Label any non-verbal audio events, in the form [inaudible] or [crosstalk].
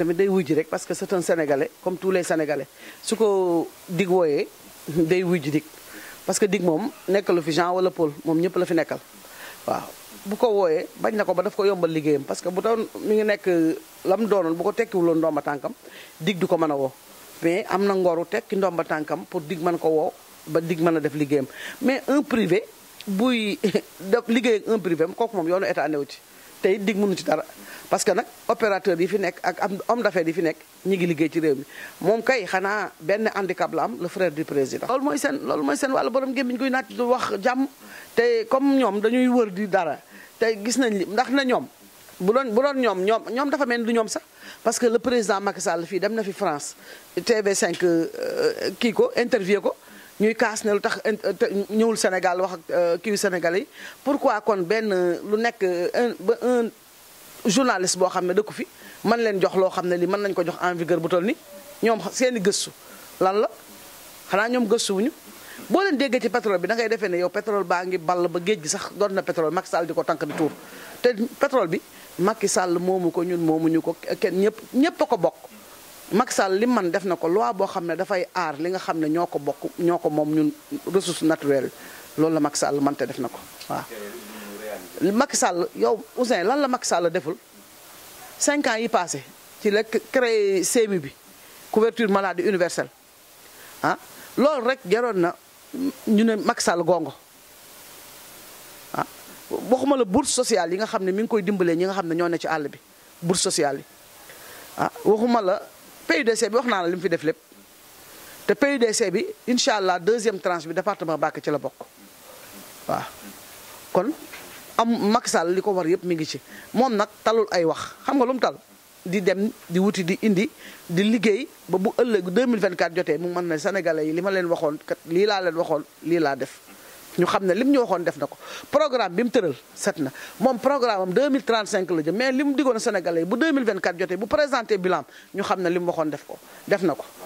tamit day wujj rek parce que c'est un sénégalais comme tous les sénégalais su ko dig wooyee day wujj dig parce que dig moom nekkalu fi Jean wala Paul moom ñëpp la fi nekkal waaw. bu ko wooyee bañ na ko ba daf ko yombal liggéeyam parce que bu doon mi ngi nekk lam doonoon bu ko tekkiwuloon ndomba tànkam digg du ko mën a woo mais am na ngoru tekki ba tànkam pour digg mën ko woo ba dig mën a def liggéeyam mais un privé buy [laughs] def liggéey un privé kooku moom yoonu état newu ci. tey dig mënu ci dara parce que nag opérateur yi fi nekk ak am homme d'affaires yi fi nekk ñi ngi liggéey ci réew mi moom kay xanaa benn handicap la am le frère du président. loolu mooy seen loolu mooy seen wàllu borom gémmiñ guy naat lu wax jàmm te comme ñoom dañuy wër di dara te gis nañ li ndax na ñoom bu doon bu doon ñoom ñoom ñoom dafa mel du ñoom sax parce que le président Macky Sall fii dem na fi France TV5 euh, kii ko interviewé ko. ñuy kaas ne lu tax euh, ñëwul Sénégal wax ak euh, kii sénégal yi pourquoi kon benn euh, lu nekk un ba un boo xam ne dëkku fi mën leen jox loo xam ne li mën nañ ko jox en vigueur bu toll ni ñoom seeni gëstu lan la xanaa ñoom gëstuwuñu boo leen déggee ci pétrole bi da ngay defee ne yow pétrole baa ngi ball ba géej gi sax doon na pétrole Macky Sall di ko tànk di tuur te pétrole bi Macky sàll moomu ko ñun moomuñu ko kenn ñëpp ñëpp a ko bokk Macky Sall li man def na ko loi boo xam ne dafay aar li nga xam ne ñoo ko bokk ñoo ko moom ñun ressource naturelle loolu la Macky Sall man te def na ko waaw. Macky Sall yow Ousseyn lan la Macky Sall deful cinq ans yi passé ci la créé CMU bi couverture maladie universelle ah loolu rek jaroon na ñu ne Macky Sall gongo ah waxuma la bourse sociale yi nga xam ne mi ngi koy dimbalee ñi nga xam ne ñoo ne ci àll bi bourse sociale yi ah PUDC bi wax naa la li mu fi def lépp te PUDC bi incha allah deuxième tranche bi département Mbacké ci la bokk waaw kon am Macky Sall li ko war yëpp mi ngi ci moom nag talul ay wax xam nga lu tal di dem di wuti di indi di liggéey ba bu ëllëgu 2024 jotee mu mën na sénégalais yi li ma leen waxoon kat lii laa leen waxoon lii laa def ñu xam ne lim ñu waxoon def na ko programme bi mu tëral set na moom programme am 2035 la jëm mais li mu diggoon Sénégalais yi bu 2024 jotee bu présenté bilan ñu xam ne li waxoon def ko def na ko